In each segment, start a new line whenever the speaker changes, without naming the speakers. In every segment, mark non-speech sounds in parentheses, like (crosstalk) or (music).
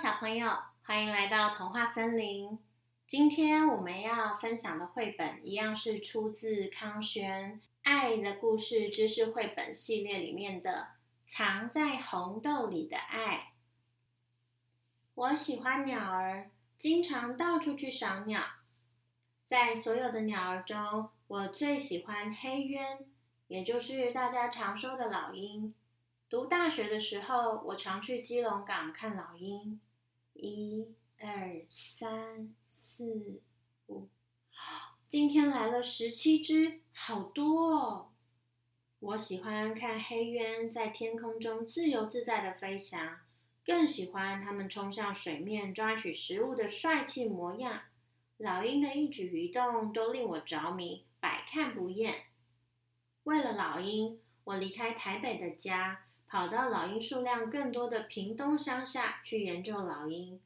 小朋友，歡迎來到童話森林。今天我們要分享的繪本一樣是出自康軒愛的故事知識繪本系列裡面的《藏在紅豆裡的愛》。我喜歡鳥兒，經常到處去賞鳥。在所有的鳥兒中，我最喜歡黑鳶，也就是大家常說的老鷹。讀大學的時候，我常去基隆港看老鷹。一、二、三、四、五，今天來了十七隻，好多哦！我喜歡看黑鳶在天空中自由自在的飛翔，更喜歡它們衝向水面抓取食物的帥氣模樣。老鷹的一舉一動都令我着迷，百看不厭。為了老鷹，我離開台北的家。跑到老鷹數量更多的屏東鄉下去研究老鷹。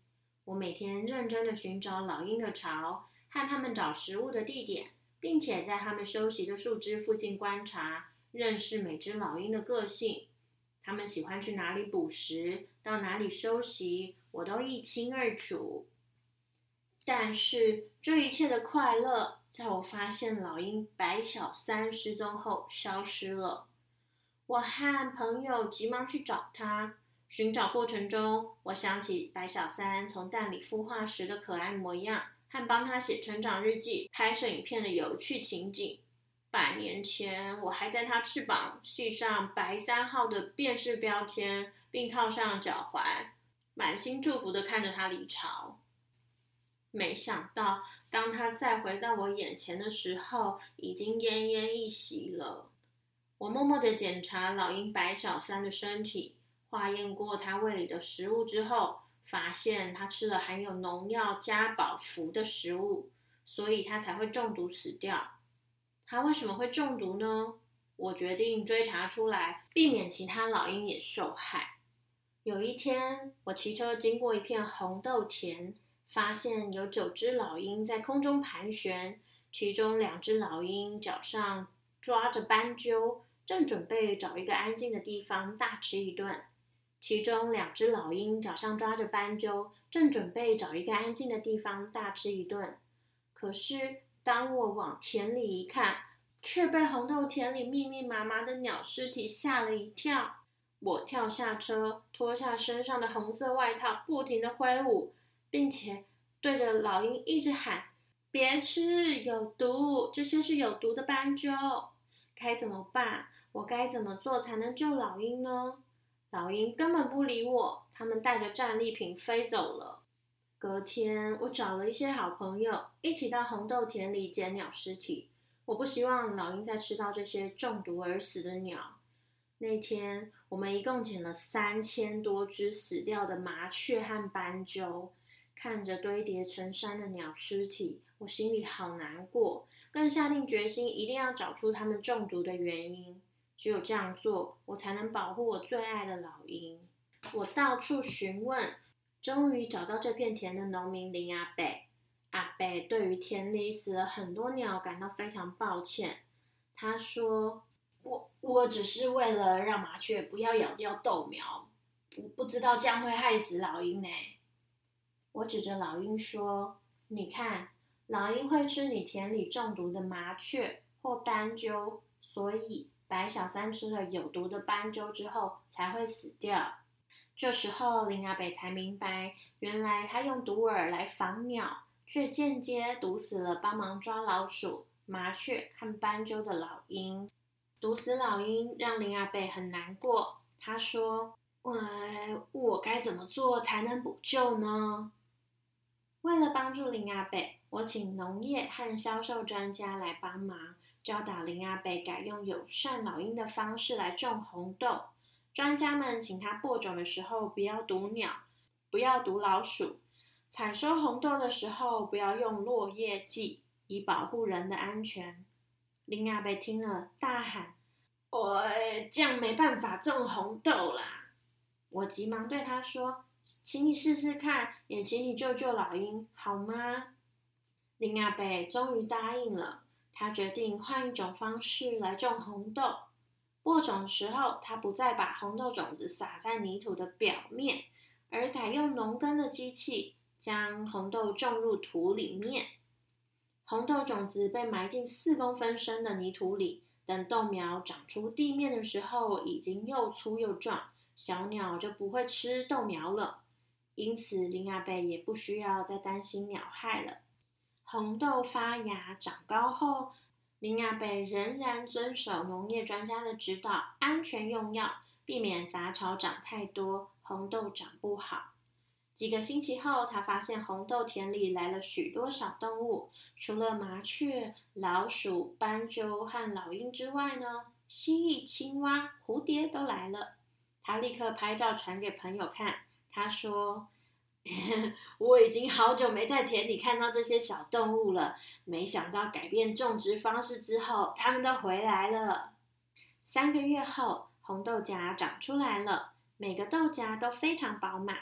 我每天認真的尋找老鷹的巢和它們找食物的地點，並且在它們休息的樹枝附近觀察，認識每隻老鷹的個性。它們喜歡去哪裡捕食、到哪裡休息，我都一清二楚。但是，這一切的快樂，在我發現老鷹白小三失蹤後消失了。我和朋友急忙去找他。尋找過程中，我想起白小三從蛋裡孵化時的可愛模樣，和幫他寫成長日記、拍攝影片的有趣情景。百年前，我還在他翅膀繫上“白三號”的辨識標籤，並套上腳踝，滿心祝福的看着他離巢。沒想到，當他再回到我眼前的時候，已經奄奄一息了。我默默地檢查老鷹白小三的身體，化驗過它胃裡的食物之後，發現它吃了含有農藥加保扶的食物，所以它才會中毒死掉。它為什麼會中毒呢？我決定追查出來，避免其他老鷹也受害。有一天，我騎車經過一片紅豆田，發現有九隻老鷹在空中盤旋，其中兩隻老鷹腳上抓着斑鳩。正準備找一個安靜的地方大吃一頓，其中兩只老鷹腳上抓着斑鳩，正準備找一個安靜的地方大吃一頓。可是，當我往田裡一看，卻被紅豆田裡密密麻麻的鳥屍體嚇了一跳。我跳下車，脫下身上的紅色外套，不停地揮舞，並且對着老鷹一直喊：“別吃，有毒！這些是有毒的斑鳩。”該怎麼辦？我該怎麼做才能救老鷹呢？老鷹根本不理我，他們帶着戰利品飛走了。隔天，我找了一些好朋友，一起到紅豆田裡撿鳥屍體。我不希望老鷹再吃到這些中毒而死的鳥。那天，我們一共撿了三千多隻死掉的麻雀和斑鳩。看着堆疊成山的鳥屍體，我心裡好難過。更下定決心，一定要找出他們中毒的原因。只有這樣做，我才能保護我最愛的老鷹。我到處詢問，終於找到這片田的農民林阿伯。阿伯對於田裡死了很多鳥感到非常抱歉。他說：“我我只是為了讓麻雀不要咬掉豆苗，我不知道這樣會害死老鷹呢、欸。”我指着老鷹說：“你看。”老鷹會吃你田裡中毒的麻雀或斑鳩，所以白小三吃了有毒的斑鳩之後才會死掉。這時候林阿北才明白，原來他用毒餌來防鳥，卻間接毒死了幫忙抓老鼠、麻雀和斑鳩的老鷹。毒死老鷹讓林阿北很難過。他說：“唉，我該怎麼做才能補救呢？”為了幫助林阿伯，我請農業和銷售專家來幫忙，教導林阿伯改用友善老鷹的方式來種紅豆。專家們請他播種的時候不要毒鳥，不要毒老鼠；採收紅豆的時候不要用落葉劑，以保護人的安全。林阿伯聽了，大喊：“我這樣沒辦法種紅豆啦！”我急忙對他說。請你試試看，也請你救救老鷹，好嗎？林亞貝終於答應了。他決定換一種方式來種紅豆。播種時候，他不再把紅豆種子撒在泥土的表面，而改用農耕的機器將紅豆種入土裡面。紅豆種子被埋進四公分深的泥土裡，等豆苗長出地面的時候，已經又粗又壯。小鳥就不會吃豆苗了，因此林亞貝也不需要再擔心鳥害了。紅豆發芽長高後，林亞貝仍然遵守農業專家的指導，安全用藥，避免雜草長太多，紅豆長不好。幾個星期後，他發現紅豆田裡來了許多小動物，除了麻雀、老鼠、斑鳩和老鷹之外呢，蜥蜴、青蛙、蝴蝶都來了。他立刻拍照傳給朋友看。他說：“ (laughs) 我已經好久沒在田裡看到這些小動物了，沒想到改變種植方式之後，他們都回來了。”三個月後，紅豆莢長出來了，每個豆莢都非常飽滿。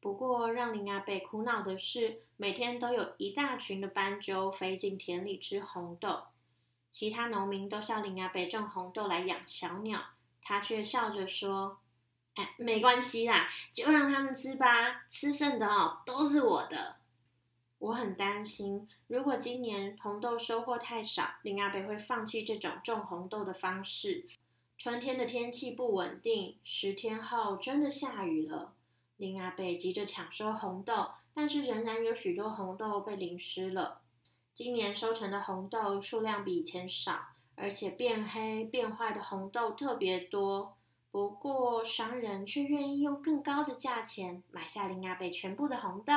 不過，讓林阿伯苦惱的是，每天都有一大群的斑鳩飛進田裡吃紅豆。其他農民都笑林阿伯種紅豆來養小鳥，他卻笑着說。哎，沒關係啦，就讓他們吃吧。吃剩的哦，都是我的。我很擔心，如果今年紅豆收穫太少，林阿伯會放棄這種種紅豆的方式。春天的天氣不穩定，十天後真的下雨了。林阿伯急着搶收紅豆，但是仍然有許多紅豆被淋濕了。今年收成的紅豆數量比以前少，而且變黑變壞的紅豆特別多。不過，商人卻願意用更高的價錢買下林亞北全部的紅豆。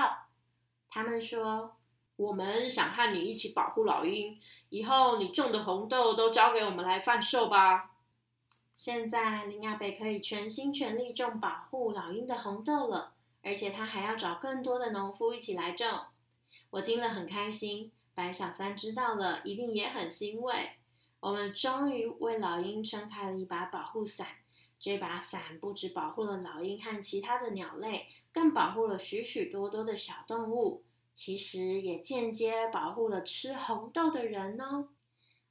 他們說：“我們想和你一起保護老鷹，以後你種的紅豆都交給我們來販售吧。”現在，林亞北可以全心全力種保護老鷹的紅豆了，而且他還要找更多的農夫一起來種。我聽了很開心，白小三知道了一定也很欣慰。我們終於為老鷹撐開了一把保護傘。這把傘不只保護了老鷹和其他的鳥類，更保護了許許多多的小動物。其實也間接保護了吃紅豆的人哦。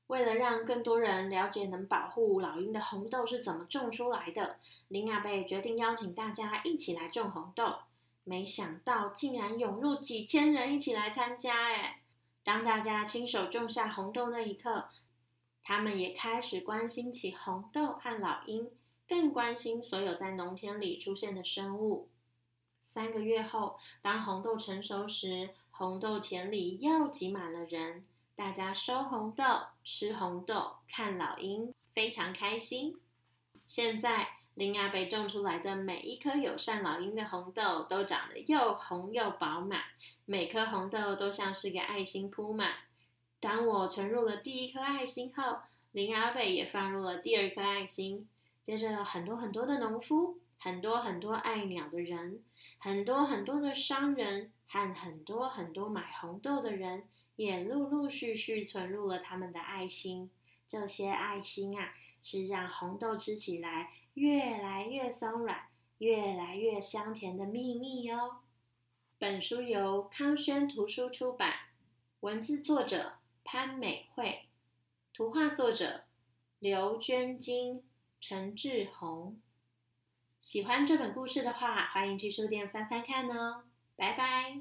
為了讓更多人了解能保護老鷹的紅豆是怎麼種出來的，林阿貝決定邀請大家一起來種紅豆。沒想到竟然湧入幾千人一起來參加耶。當大家親手種下紅豆那一刻，他們也開始關心起紅豆和老鷹。更關心所有在農田裡出現的生物。三個月後，當紅豆成熟時，紅豆田裡又擠滿了人，大家收紅豆、吃紅豆、看老鷹，非常開心。現在，林阿伯種出來的每一顆友善老鷹的紅豆都長得又紅又飽滿，每顆紅豆都像是個愛心鋪滿。當我存入了第一顆愛心後，林阿伯也放入了第二顆愛心。接着，很多很多的農夫，很多很多愛鳥的人，很多很多的商人，和很多很多買紅豆的人，也陸陸續續存入了他們的愛心。這些愛心啊，是讓紅豆吃起來越來越鬆軟、越來越香甜的秘密喲、哦。本書由康軒圖書出版，文字作者潘美惠，圖畫作者劉娟菁。陳志鴻，喜歡這本故事的話，歡迎去書店翻翻看哦。拜拜。